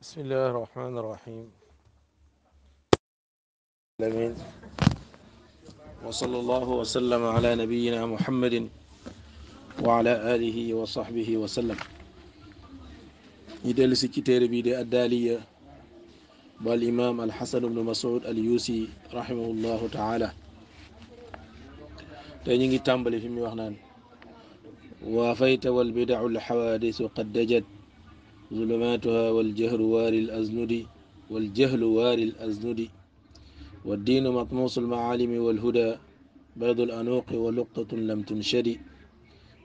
بسم الله الرحمن الرحيم وصلى الله وسلم على نبينا محمد وعلى آله وصحبه وسلم يدلس سكتير بيد الدالية والإمام الحسن بن مسعود اليوسي رحمه الله تعالى تنجي تنبلي في ميوحنان وفيت والبدع الحوادث قد دجت ظلماتها والجهر واري الأزند والجهل واري الأزند والدين مطموس المعالم والهدى بيض الأنوق ولقطة لم تنشد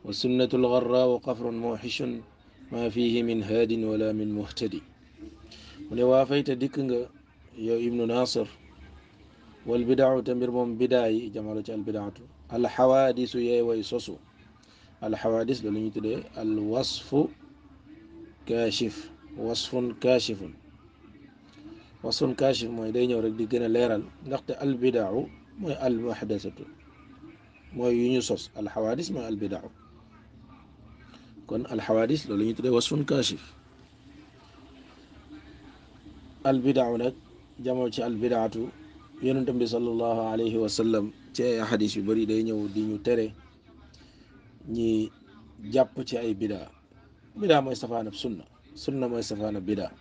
والسنة الغراء وقفر موحش ما فيه من هاد ولا من مهتدي ولوافيت ديكنغ يا ابن ناصر والبدع تمر من بداي جمالة البدعة الحوادث يا ويسوسو الحوادث لو الوصف kaashif wasfun kaashifun wasfun kaashif mooy day ñëw rek di gën a leeral ndaxte albidaaw mooy almuhdasatu mooy yu ñu sos alxawaadis mooy albidaaw kon alxawaadis loolu ñu tuddee wasfun kaashif albidaaw nag jamoo ci albidaatu yonentam bi sallallahu alayhi wa sallam ci ay xadis yu bari day ñëw di ñu tere ñi jàpp ci ay bidaa bidaa mooy safaanab sunna sunna mooy safaanab bidaa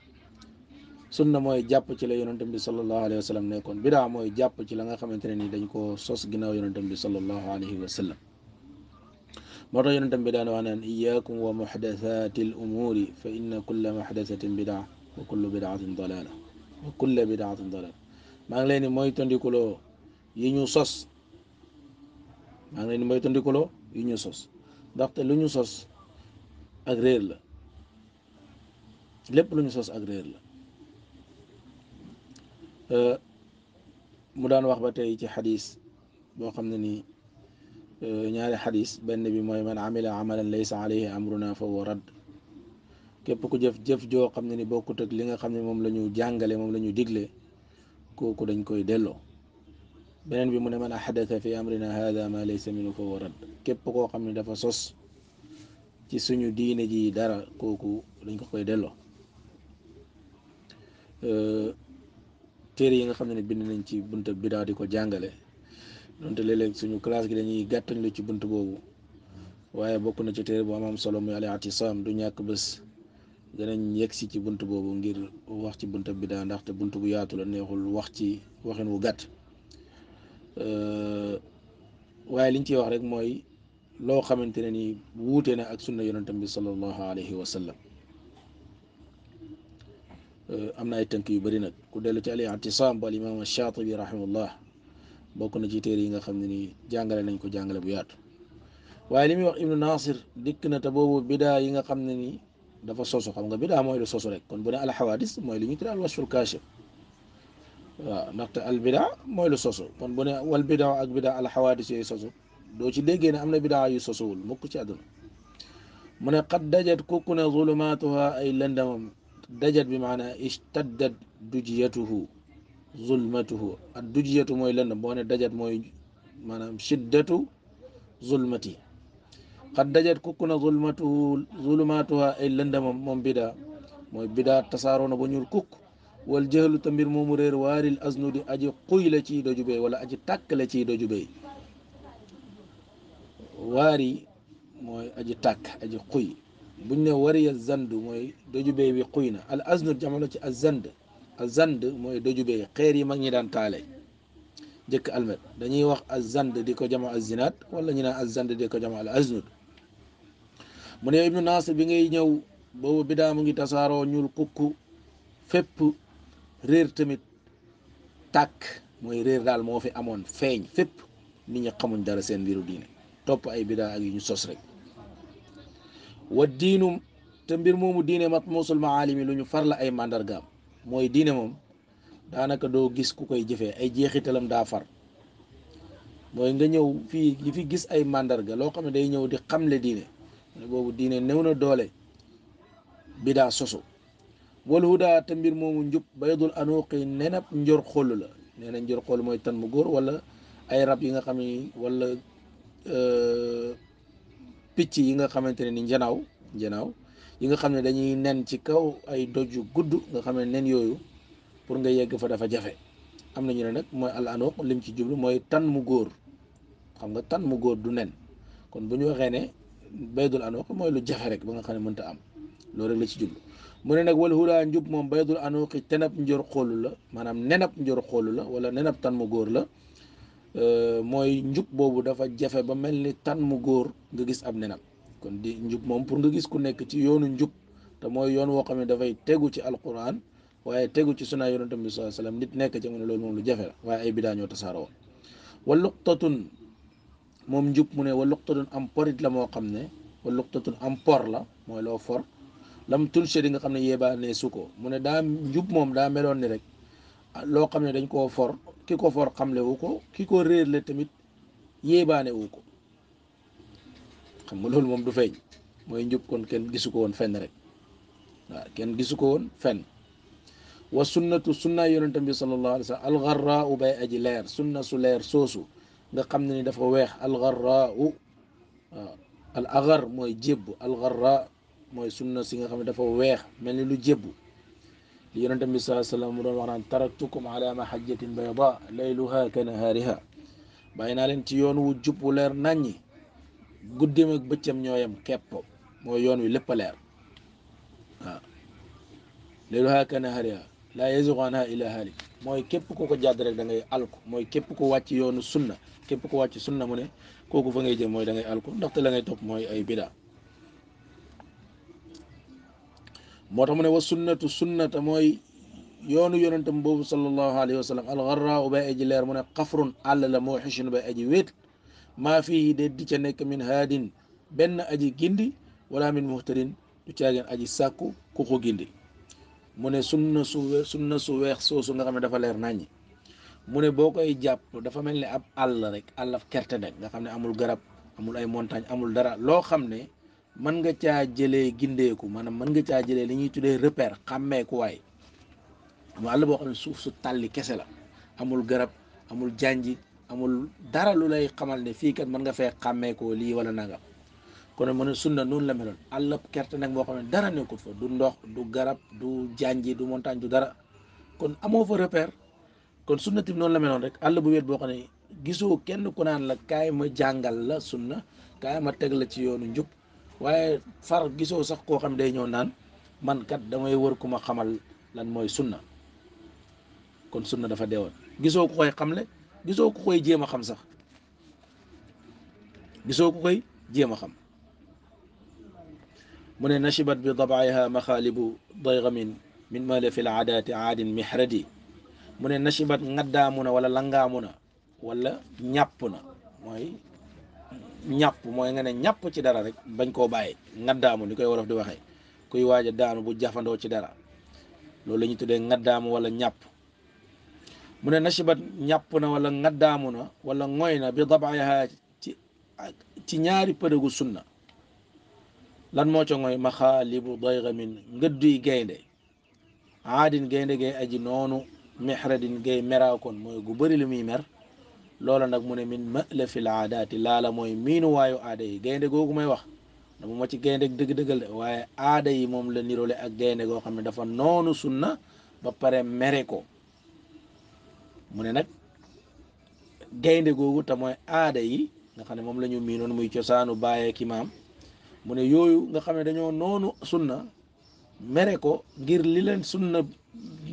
sunna mooy jàpp ci la yonentam bi sallallahu alayhi wa sallam nekkoon bidaa mooy jàpp ci la nga xamante ne ni dañ koo sos ginnaaw yonentam bi sallallahu alayhi wa sallam moo tax yonentam bi daan wax naan iyaakum wa muxdathati al umuuri fa inna kulla muxdathatin bidaa wa kullu bidaatin dalaala wa kulla bidaatin dalaala maa ngi leen di mooy tondikuloo yi ñu sos maa ngi leen di mooy tondikuloo yi ñu sos ndaxte lu ñu sos ak réer la lépp lu ñu sos ak réer la euh, mu daan wax ba tey ci xadis boo xam ne ni euh, ñaari xadiis benn bi mooy man amila amalan laysa alayhi amruna fa huwa radd képp ku jëf jëf joo xam ne ni boo ak li nga xam ne moom la ñu jàngale moom la ñu digle kooku dañ koy delloo beneen bi mu ne man ahdatha fi amrina hada ma laysa minhu fa huwa képp koo xam ne dafa sos ci suñu diine ji dara kooku dañ ko koy delloo euh, téere yi nga xam ne bind nañ ci bunta bidaa di ko jàngale donte léeg-léeg suñu classe gi dañuy gàttanlu ci bunt boobu waaye bokk na ci téere bu am solo muy ale atisam du ñàkk bés danañ yegg si ci bunt boobu ngir wax ci bunt bunta bidaa ndaxte bunt bu yaatu la neexul wax ci waxin wu gàtt euh, waaye liñ ciy wax rek mooy loo xamante ne ni wuute na ak sunna yonentam bi sallallahu alayhi wa sallam eh, am na ay tënk yu bëri nag ku dellu ci al i'tisaam bu al imaam ash-Shaatibi rahimahullah bokk na ci téere yi nga xam ne nii jàngale nañ ko jàngale bu yaatu waaye li muy wax ibnu Nasir dikk na te boobu bidaa yi nga xam ne nii dafa sosu xam nga bidaa mooy lu rek kon bu ne al xawaadis mooy li ñu tuddee al wasful kaashif waaw ndaxte al bidaa mooy soso kon bu ne ak bidaa al xawaadis yooyu sosu doo ci déggee ne am na bidaa yu sosowul mukk ci àdduna mu ne xat dajat kukku ne ay lëndamam dajat bi maanaa ishtaddat dujiyatuhu zulmatuhu ak dujiyatu mooy lëndam boo ne dajat mooy maanaam shiddatu zulmati xat dajat kukku ne zulmatuhu zulumaatuha ay lëndamam moom bidaa mooy bidaa tasaaroo na ba ñuul kukk wal jëhlu ta mbir moomu réer waaril aznudi aji xuy la ciy dojubee wala aji tàkk la ciy dojubee waari mooy aji tàkk aji xuy buñ ne wariya zand mooy doju bey bi xuy na al aznu jamono ci azand azand mooy doju xeer yi mag ñi daan taale jëkk almet dañuy wax azand di ko jama azinaat wala ñu naan azand di ko jama al mu ne ibnu naas bi ngay ñëw boobu bidaa mu ngi tasaaroo ñuul kukku fépp réer tamit tàkk mooy réer daal moo fi amoon feeñ fépp nit ñi xamuñ dara seen mbiru diine topp ay bidaa ak yu ñu sos rek wa diinum te mbir moomu diine mat mosul maalimi lu ñu far la ay màndargaam mooy diine moom daanaka doo gis ku koy jëfee ay jeexitalam daa far mooy nga ñëw fii li fi gis ay màndarga loo xam ne day ñëw di xam xamle diine boobu diine néew na doole bidaa sosu wal huda te mbir moomu njub baydul anuqi nenab njor xoll la nee njor xoll mooy tan mu góor wala ay rab yi nga xam ni wala Euh, picc yi nga xamante ne ni njanaaw njanaaw yi nga xam ne dañuy nen ci kaw ay doj yu gudd nga xam ne nen yooyu pour nga yegg fa dafa jafe am na ñu ne nag mooy al anoq lim ci jublu mooy tan mu góor xam nga tan mu góor du nen kon bu ñu waxee ne baydul anoq mooy lu jafe rek ba nga xam ne mënta am loolu rek la ci jublu mu ne nag wal hudaa njub moom baydul anoqi tenab njor xoolu la maanaam nenab njor xoolu la wala nenab tan mu góor la Euh, mooy njub boobu dafa jafe ba mel ni tan mu góor nga gis ab nenam kon di njub moom pour nga gis ku nekk ci yoonu njub te mooy yoon woo xam ne dafay tegu ci alquran waaye tegu ci sunaa yonent bi sallallahu nit nekk ci mu lu jafe waaye ay bidaa ñoo tasaaroo wa moom njub mu ne am porit la moo xam ne wa am por la mooy loo for lam tulshe di nga xam ne yéebaane ko mu ne daa njub moom daa meloon ni rek loo xam ne dañ koo for ki ko for xamle wu ko ki ko réer la tamit yéebaane wu ko xam nga loolu moom du feeñ mooy njub kon kenn gisu ko woon fenn rek waaw kenn gisu ko woon fen wa sunnatu sunna yonentam bi sallallahu alayhi wa sallam algarraau bay aji leer sunna su leer soosu nga xam ne ni dafa weex algarraau waaw al agar mooy jébbu algarra mooy sunna si nga xam ne dafa weex mel ni lu jébbu yonente bi saa sallam mu doon wax naan taraktukum ala mahajjatin bayda layluha ka nahaariha bàyyi naa leen ci yoon wu jub wu leer naññi guddeem ak bëccëm ñooyam kepp mooy yoon wi lépp a leer waaw layluha ka nahaariha laa yazigu anha illa haalik mooy képp ku ko jàdd rek da ngay alku mooy képp ku wàcc yoonu sunna képp ku wàcc sunna mu ne kooku fa ngay jëm mooy da ngay alku ndaxte la ngay topp mooy ay bida moo tax mu ne wa sunnatu sunnata mooy yoonu yonentam boobu sallallahu alayhi wa sallam algarraaw bay aji leer mu ne xafrun àll la moo xishin bay aji wéet maa fii de di ca nekk min haadin benn aji gindi wala min muhtarin du caageen aji sàkku ku ko gindi mu ne sunna su sunna su weex soosu nga xam ne dafa leer ñi mu ne boo koy jàpp dafa mel ni ab àll rek àllaf kerte nekk nga xam ne amul garab amul ay montagne amul dara loo xam ne mën nga caa jëlee gindeeku maanaam mën nga caa jëlee li ñuy tuddee repère xàmmeekuwaay wàll boo xam ne suuf su tàlli kese la amul garab amul jànji amul dara lu lay xamal ne fii kat mën nga fee xàmmeekoo lii wala nangam kon mën a sunna noonu la meloon àllab kerte nag boo xam ne dara nekkul fa du ndox du garab du janji du montagne du dara kon amoo fa repère kon sunna tamit noonu la meloon rek àll bu wéet boo xam ne gisoo kenn ku naan la kaay ma jàngal la sunna kaay ma teg la ci yoonu njub waye far giso sax ko xam day ñëw naan man kat damay wër kuma xamal lan moy sunna kon sunna dafa deewoon giso ko koy xamle giso ko koy jema xam sax giso ko koy jema xam mune nashibat bi dabaiha maxaalibu daygamin min mal fi al'adat aad mihradi mune nashibat ngadamuna wala langamuna wala ñapuna moy ñàpp mooy nga ne ñàpp ci dara rek bañ koo bàyyi ngaddaamu ni koy wolof di waxee kuy waaj a daanu bu jafandoo ci dara loolu la ñuy tuddee ngaddaamu wala ñàpp mu ne nashibat ñàpp na wala ngaddaamu na wala ngoy na bi dabaayaha ci ci ñaari pëdëgu sunna lan moo ca ngoy maxaalibu dayramin ngëdduy gaynde aadin gaynde gay aji noonu mexradin gay meraakoon mooy gu bëri li muy mer loola nag mu ne miin min malafil aadaati laala mooy miinuwaayu waayu aada yi gaynde googu may wax dama ma ci gaynde dëgg-dëggal waaye aada yi moom la niroole ak gaynde goo xam ne dafa noonu sunna ba pare mere ko mu ne nag gaynde googu te mooy aada yi nga xam ne moom lañu ñu miinoon muy cosaanu bàyyee ki maam mu ne yooyu nga xam ne dañoo noonu sunna mere ko ngir li leen sunna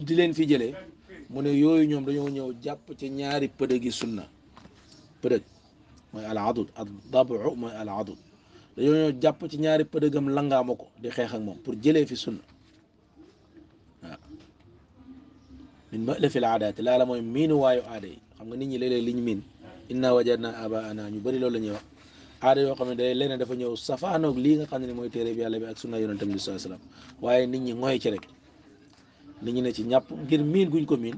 di leen fi jële mu ne yooyu ñoom dañoo ñëw jàpp ci ñaari pëdë gi sunna moy al adud ad dabu moy al adud dañu ñu jàpp ci ñaari përëgam langaama mako di xex ak mom pour jëlé fi sunna waaw min ma'lafi al adat la la moy min wayu adé xam nga nit ni lélé liñ min inna wajadna abaana ñu bari loolu la ñuy wax aada yoo xam ne day leneen dafa ñëw safaanoog li nga xam ne mooy téere bi yàlla bi ak sunna yonentam bi sallallahu alayhi wasallam waaye nit ñi mooy ci rek nit ñi ne ci ñàpp ngir miin guñ ko miin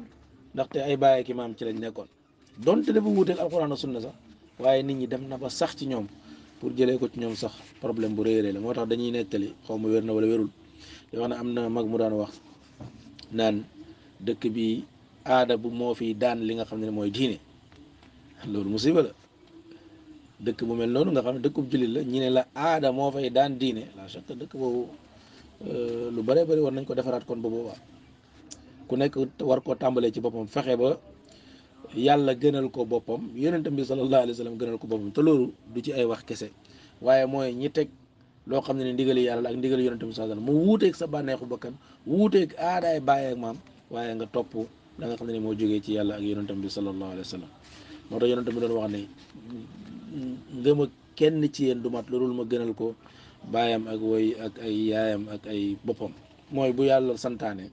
ndaxte ay bàyyi ak maam ci lañ nekkoon donte dafa wuuteel alxuraan ak sunna sax waaye nit ñi dem na ba sax ci ñoom pour jëlee ko ci ñoom sax problème bu rëy la moo tax dañuy nettali xaw ma wér na wala wérul di wax ne am na mag mu daan wax naan dëkk bi aada bu moo fi daan li nga xam ne mooy diine loolu musiba la dëkk bu mel noonu nga xam ne dëkkub jullit la ñi ne la aada moo fay daan diine la chaque dëkk boobu euh, lu bëree bëri war nañ ko defaraat kon ba boobaa ku nekk war koo tàmbalee ci boppam fexe ba yàlla gënal ko boppam yonentam bi sallallahu alayhi wa sallam gënal ko boppam te loolu du ci ay wax kese waaye mooy ñi teg loo xam ne ne ndigali yàlla la ak ndigali yonentam bi sallallahu alayhi wa sallam mu wuuteeg sa bànneexu bakkan wuuteeg aadaay maam waaye nga topp la nga xam moo jógee ci yàlla ak yonentam bi sallallahu alayhi wa moo tax yonentam bi doon wax ne ngëm ak kenn ci yéen du mat loolu ma gënal ko baayam ak woy ak ay yaayam ak ay boppam mooy bu yàlla santaane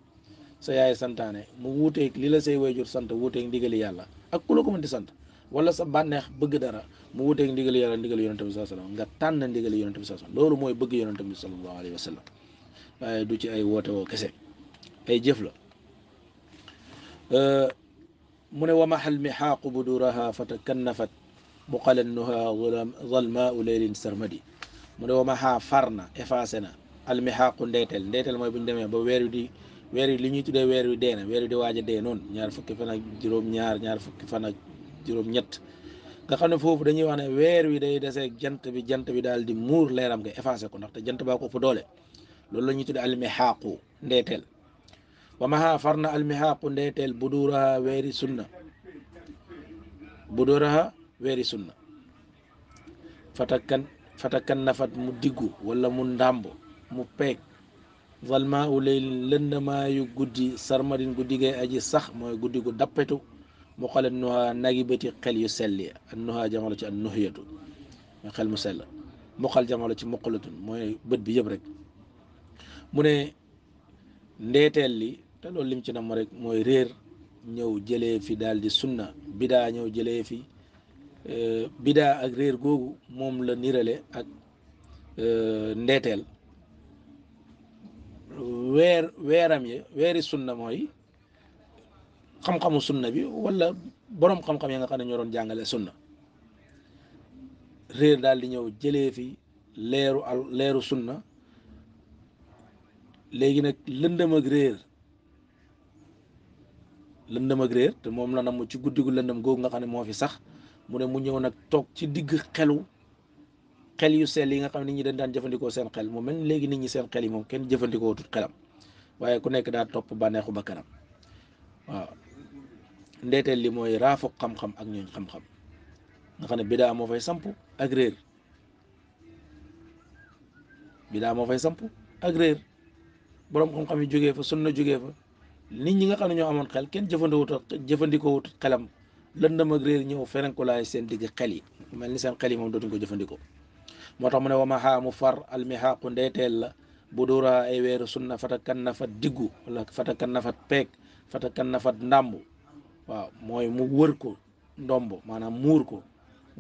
sa yaay santaane mu wuuteeg li la say wayjur sant wuuteeg ndigali yàlla ak ku la ko sant wala sa bànneex bëgg dara mu wuuteeg ndigali yàlla ndigali yonent bi sallallahu alayhi wasallam nga tànn ndigali yonent bi sallallahu alayhi wasallam loolu mooy bëgg yonent bi sallallahu alayhi wasallam waaye du ci ay woote woo kese ay jëf la mu ne wamaxal mixaaqu buduraha fatakannafat muqalannuha zalmaau leylin sarmadi mu ne wamaxaa far na effacé na al mixaaqu ndeyteel ndeyteel mooy bu ñu demee ba weer di weer wi li ñuy tuddee weer wi dee na weer wi di waaja dee noon ñaar fukki fana ak ñaar ñaar fukki fan ak ñett nga xam ne foofu dañuy wax ne weer wi day deseeg jant bi jant bi daal di muur leeram nga effacé ko ndaxte jant baa ko ëpp doole loolu la ñuy tuddee almihaaqu ndeeteel wa maha far na almihaaqu ndeeteel buduraha weeri sunna buduraha weeri sunna fatakkan fatakkan nafat mu diggu walla mu ndàmb mu peeg zalma u leylin lëndamaayu guddi sarmarin guddi gay aji sax mooy guddi gu dappetu mu xale nuha nagi bëti xel yu selli an nuha jamalo ci an nuhiyatu mooy xel mu sell mu xal jamalo ci muqalatun mooy bët bi yëpp rek mu ne ndeeteel li te loolu lim ci nam rek mooy réer ñëw jëlee fi daal di sunna bidaa ñëw jëlee fi euh, bidaa ak réer googu moom la nirale ak euh, ndeeteel weer weeram yi weeri sunna mooy xam-xamu sunna bi wala boroom xam-xam yi nga xam ne ñoo doon jàngale sunna réer daal di ñëw jëlee fi leeru al leeru sunna léegi nag lëndëm ak réer lëndëm ak réer te moom la namm ci guddi gu lëndëm googu nga xam ne moo fi sax mu ne mu ñëw nag toog ci digg xelu xel yu sell yi nga xam ne nit dañ daan jëfandikoo seen xel mu mel léegi nit ñi seen xel yi moom kenn jëfandikoo tut xelam waaye ku nekk daa topp bànneexu ba kanam waaw ndeeteel mooy raafu xam ak ñooñ xam-xam ne bidaa moo fay samp ak réer moo fay samp ak boroom xam-xam yi jógee fa sunna jógee fa nit ñi nga xam ne ñoo amoon xel kenn jëfandikoo jëfandikoo xelam lëndëm ak réer ñëw ferenkulaay seen digg xel yi mel ni seen xel yi moom dootu ko jëfandikoo moo tax mu ne wama ha far almihaqu ndeeteel budura ay weeru sunna fata kan fat diggu wala fata kan nafat peeg fata kan nafat ndàmb waaw mooy mu wër ko ndomb maanaam muur ko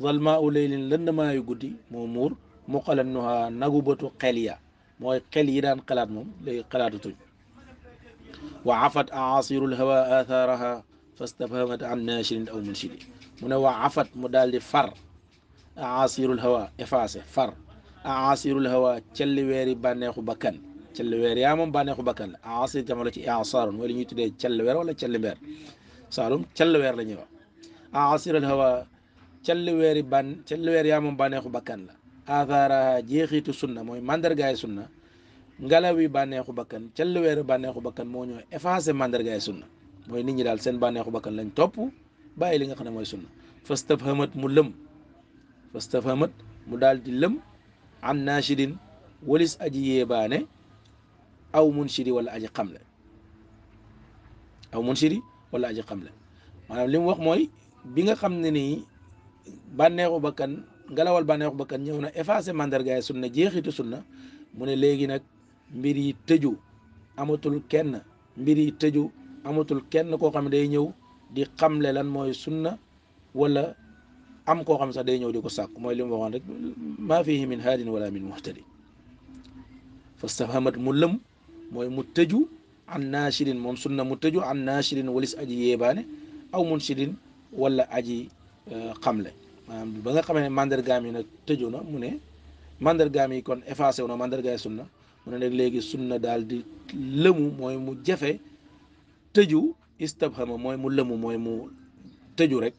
zalma u leylin lëndmaayu guddi moo muur muqalan nuha nagu bëtu xel ya mooy xel yi daan xalaat moom léegi xalaatatuñ wa afat aasirul hawa atharaha fastafhamat an nashirin aw munshidi mu ne wa afat mu daal di far a aasirul hawa effacé far aasirul hawa celli weeri bànneexu bakkan celli weer yaa moom bànneexu bakkan la aasir jamono ci aasaaroon mooy li ñuy tuddee celli weer wala celli mbeer saalum celli weer la ñuy wax aasirul hawa celli weeri ban celli weer yaa moom bànneexu bakkan la aathaara jeexitu sunna mooy mandargaay sunna ngelaw yi bànneexu bakkan celli weeri bànneexu bakkan moo ñoo effacé mandargaay sunna mooy nit ñi daal seen bànneexu bakkan lañ topp bàyyi li nga xam ne mooy sunna fastabhamat fastafhamat mu daal di lëm am naashidin walis aji yéebaane aw munshidi wala aji xamle aw munshidi wala aji xamle maanaam li mu wax mooy bi nga xam ne nii bànneexu bakkan ngelawal bànneexu bakkan ñëw na effacé mandargaay sunna jeexitu sunna mu ne léegi nag mbir yi tëju amatul kenn mbir yi tëju amatul kenn koo xam ne day ñëw di xamle lan mooy sunna wala am ko xam sax day ñëw di ko sàkk mooy li mu waxoon rek maa fihi min haadin wala min muhtadi fastafhamat mu lëm mooy mu tëju an naashirin moom sunna mu tëju an naashirin walis aji yeebaane aw mun munshirin wala aji xamle maanaam ba nga xamee mandar mandargaam yi nag tëju na mu ne mandargaam yi kon effacé wu na mandargaay sunna mu ne nag léegi sunna daal di lëmu mooy mu jafe tëju istafhama mooy mu lëmu mooy mu tëju rek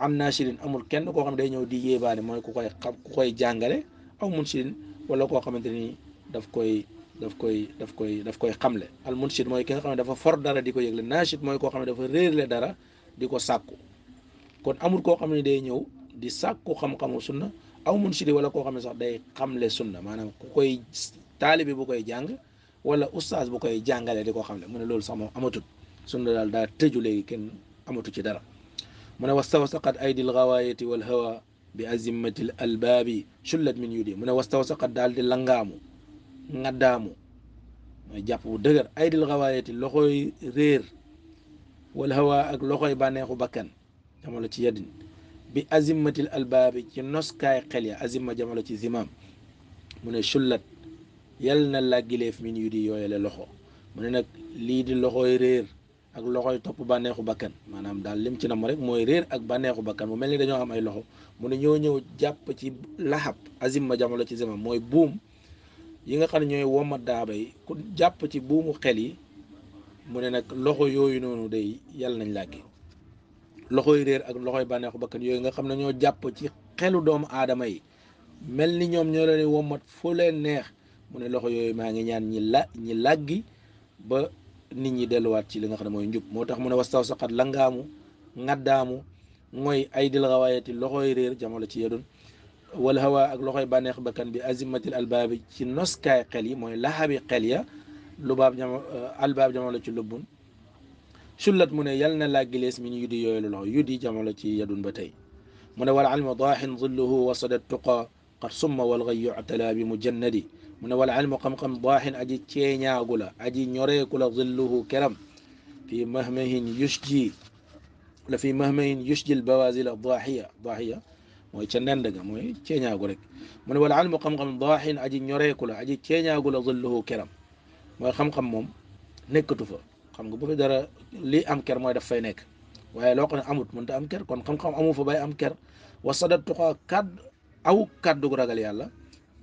am naasirin amul kenn koo xam ne day ñëw di yéebaane mooy ku koy xam ku koy jàngale aw munsirin wala koo xamante ni daf koy daf koy daf koy daf koy xamle al munsid mooy ki nga xam ne dafa for dara di ko yëgle naasit mooy ko xam ne dafa réerle dara di ko sàkku kon amul koo xam ne day ñëw di sàkku xam-xamu sunna aw munsidi wala koo xam ne sax day xam le sunna maanaam ku koy taalibi bu koy jàng wala ustaas bu koy jàngale di ko xamle mu ne loolu sax moom amatul sunna daal daa tëju léegi kenn amatu ci dara mu ne wastawsaqat aydi lgawaayati wal hawa bi azimmati l albaabi chullat min yudi mu ne wastawsaqat daal di langaamu ngaddaamu mooy jàpp bu dëgër aydi lgawaayati loxoy réer wal ak loxoy bànneexu bakkan jamono ci yadin bi azimmati l albaabi ci noskaay xel ya azimma jamono ci zimaam mu ne chullat yal na làggileef min yudi yooyale loxo mu ne nag di loxoy réer ak loxoy topp bànneexu bàkkan maanaam daal lim ci nam rek mooy réer ak bànneexu bakkan mu mel ni dañoo am ay loxo mu ne ñoo ñëw jàpp ci laxab azim ma jamono ci zema mooy buum yi nga xam ne ñooy womat daaba yi ku jàpp ci buumu xel yi mu ne nag loxo yooyu noonu day yàlla nañ làkki loxoy réer ak loxoy bànneexu bakkan yooyu nga xam ne ñoo jàpp ci xelu doomu aadama yi mel ni ñoom ñoo leen womat fu leen neex mu ne loxo yooyu maa ngi ñaan ñi la ñi làggi ba nit ñi delluwaat ci li nga xam ne mooy njub moo tax mu ne wastaw saqat langaamu ngaddaamu mooy ay dil xawaayati loxoy réer jamono ci yedun wal hawa ak loxoy banex bakan bi azimatil albaabi ci noskaay xel yi mooy lahabi xel ya lu baab jam albaab jamono ci lubbun sulat mu ne yal na laa gilees min yudi yooyu loxo yudi jamono ci yedun ba tey mu ne wal almu dahin dhulluhu wa sadat tuqa qad summa wal ghayyu atala bi mujannadi mu ne wala almu xam-xam baaxin aji ceeñaagu la aji ñoreeku la zilluhu keram fii mahmahin yushji wala fii mahmahin yushjil bawazil daaxiya daaxiya mooy ca ndend ga mooy ceeñaagu rek mu ne wala almu xam-xam baaxin aji ñoreeku la aji ceeñaagu la zilluhu keram mooy xam-xam moom nekkatu fa xam nga bu fi dara lii am ker mooy daf fay nekk waaye loo ko ne amut mënta am ker kon xam-xam amu fa bay am ker wa sadat tuqa kadd aw kaddu ragal yàlla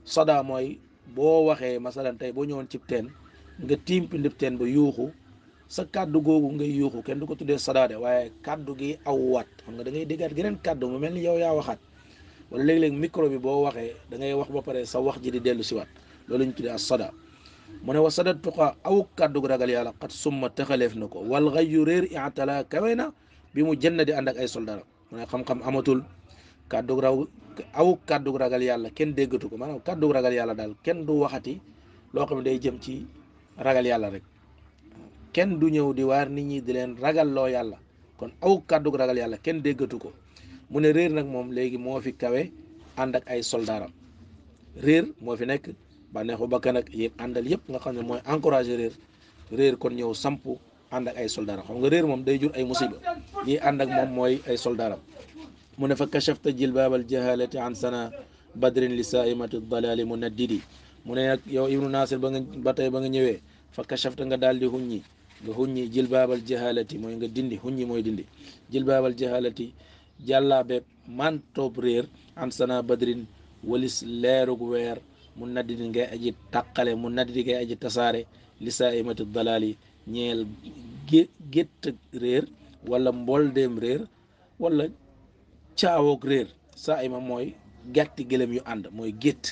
sada mooy boo waxee masalan tey boo ñëwoon ci teen nga tiim pindib teen ba yuuxu sa kàddu googu ngay yuuxu kenn du ko tuddee sadaade waaye kàddu gi aw awwaat xam nga da ngay déggaat geneen kàddu mu mel ni yow yaa waxaat wala léeg-léeg micro bi boo waxee da ngay wax ba pare sa wax ji di dellu siwaat loolu ñu tuddee as sada mu ne wax wa sadat tuqa aw kàddu gu ragal yàlla xat summa taxaleef na ko wal xay yu réer itala kawe na bi mu na di ànd ak ay soldara mu ne xam amatul kàddug raw aw kàddug ragal yàlla kenn déggatu ko maanaam kàddug ragal yàlla daal kenn du waxati loo xam ne day jëm ci ragal yàlla rek kenn du ñëw di waar nit ñi di leen ragal loo yàlla kon aw kàddug ragal yàlla kenn déggatu ko mu ne réer nag moom léegi moo fi kawe ànd ak ay soldaaram réer moo fi nekk bànneexu bakkan ak yéen àndal yëpp nga xam ne mooy encouragé réer réer kon ñëw samp ànd ak ay soldaaram xam nga réer moom day jur ay musiba ñii ànd ak moom mooy ay soldaaram mu ne fa kachafta jilbaabal jahalati an sana badrin li saimati dalali mu naddidi mu ne nag yow ibnu nasir ba nga ba tey ba nga ñëwee fa kachafta nga daal di huññi nga huññi jilbaabal jahalati mooy nga dindi huññi mooy dindi jilbaabal jahalati jàllaabe mantoob réer an sana badrin walis leerug weer mu naddidi ngay aji tàqale mu naddidi ngay aji tasaare li saimati dalali ñeel gé gétt réer wala mboldeem réer wala caawoog réer saa ma mooy gàtti gëlëm yu ànd mooy gétt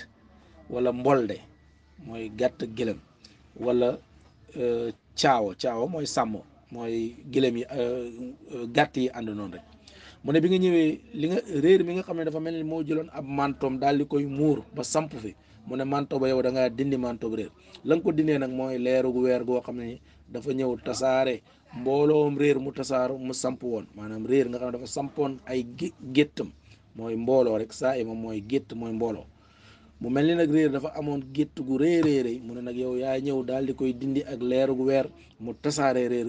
wala mbolde mooy gàtt gëlëm wala euh, caawo caawo mooy sàmm mooy gëlëm yi euh, gàtt yi ànd noonu rek mu ne bi nga ñëwee li nga réer mi nga xam ne dafa mel ni moo jëloon ab mantoom daal di koy muur ba samp fi mu ne manto ba yow da dindi manto ba réer la ko dindee nag mooy leeru gu weer goo xam ne dafa ñëw tasaare mbooloom réer mu tasaaru mu samp woon maanaam réer nga xam ne dafa sampoon ay géttam mooy mbooloo rek saa moom mooy gétt mooy mbooloo mu mel ni nag réer dafa amoon gétt gu réeréeréy mu ne nag yow yaa ñëw daal di koy dindi ak leeru gu weer mu tasaare réer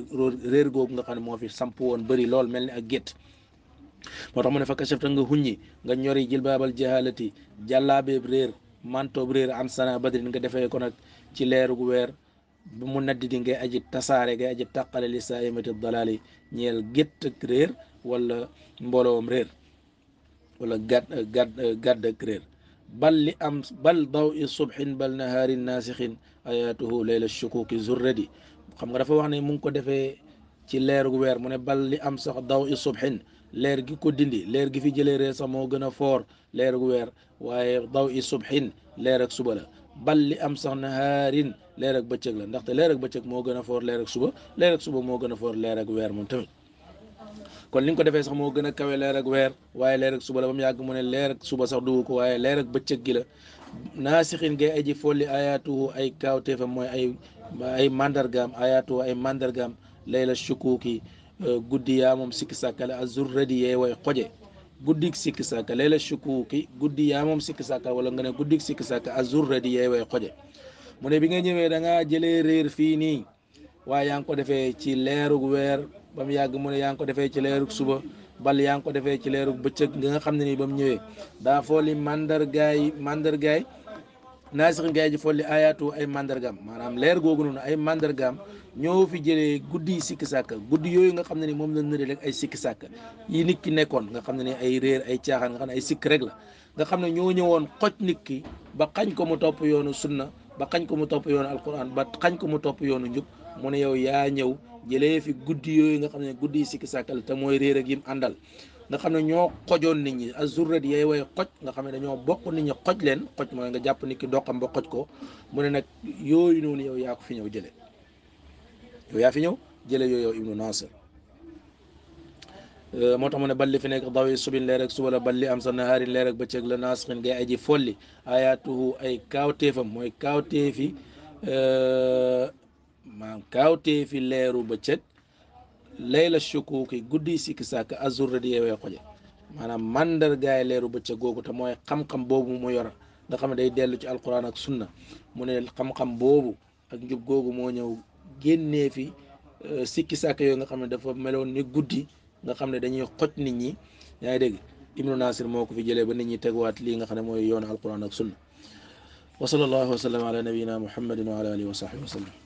réer nga xam ne moo fi samp woon bari lool mel ni ak gétt moo tax mu ne fa kashafta nga huññi nga ñori jilbaabal jahalati jàllaabeeb réer mantoob réer am sana badrin nga defee ko nag ci leeru gu weer بمندد جاي اجي تسار جاي اجي تقل لسائمة الضلال نيل جت كرير ولا مبولو مرير ولا جد جد جد كرير بل لأمس بل ضوء الصبح بل نهار ناسخ اياته ليل الشكوك زردي خم غرفة واني مونكو دفي تي لير غوير موني بل لأمس ضوء الصبح لير جي لير في جيلي ريسا فور لير غوير واي الصبح لير سبلا bal li am sax nahaarin leer ak bëccëg la ndaxte leer ak bëccëg moo gën a foor leer ak suba leer suba moo gën a foor leer ak weer moom tamit kon li ko defee sax moo gën a kawe leer ak weer waaye leer ak suba la ba mu yàgg mu ne leer suba sax dugg ko waaye leer ak bëccëg gi la ga ngay aji folli ayaatu ay kaawteefam mooy ay ay mandargaam ayaatuhu ay mandargaam layla shukuuki guddi yaa moom sikki sàkkale azurradi yee way xoje guddik siki sàkka leela shukuuki guddi yaa moom sikki sàkka wala nga ne guddik sikki sàkka azurra di yeewee xoje mu ne bi nga ñëwee da ngaa jëlee réer fii nii waa yaa ngi ko defee ci leerug weer ba mu yàgg mu ne yaa ngi ko defee ci leerug suba bal yaa ngi ko defee ci leerug bëccëg nga nga xam ne nii ba mu ñëwee daa fooli mandargaay mandargaay naasixin gaa yi ji folli ayatu ay mandargaam maanaam leer googu noonu ay mandargaam ñoo fi jëlee guddi yi sikki sàkk guddi yooyu nga xam ne ni moom la nëri rek ay sikki sàkk yi nit ki nekkoon nga xam ne ni ay réer ay caaxaan nga xam ne ay sikk rek la nga xam ne ñoo ñëwoon xoj nit ki ba xañ ko mu topp yoonu sunna ba xañ ko mu topp yoonu alquran ba xañ ko mu topp yoonu njub mu ne yow yaa ñëw jëlee fi guddi yooyu nga xam ne guddi yi sikki sàkk mooy réer ak yim àndal nga xam ne ñoo xojoon nit ñi azurrat yay way xoj nga xam ne dañoo bokk nit xoj leen xoj mooy nga jàpp nit ki doxam ba xoj ko mu ne na yooyu noonu yow yaa ko fi ñëw jële yow fi ñëw jële yooyu yow ibnu nasir euh, moo tax mu ne balli fi nekk daw yi subin leer ak suba la balli am sa nahaarin leer ak bëccëg la naasxin ngay aji folli ayaatuhu ay kaawteefam mooy kaawteefi euh, maam kaawteefi leeru bëccëg layla shukuki guddi sikki sàkk azurra di yeewee xoje maanaam yi leeru bëccëg googu te mooy xam-xam boobu mu yor nga xam ne day dellu ci alquran ak sunna mu ne xam-xam boobu ak njub googu moo ñëw génne fi euh, sikki sàkk yooyu nga xam ne dafa meloon ni guddi nga xam ne dañuy xoj nit ñi yaa ngi dégg ibnu nasir moo ko fi jëlee ba nit ñi teguwaat li nga xam ne mooy yoonu alquran ak sunna wa sallallahu wa sallam ala nabiyina muhammadin wa ala alihi wa sahbihi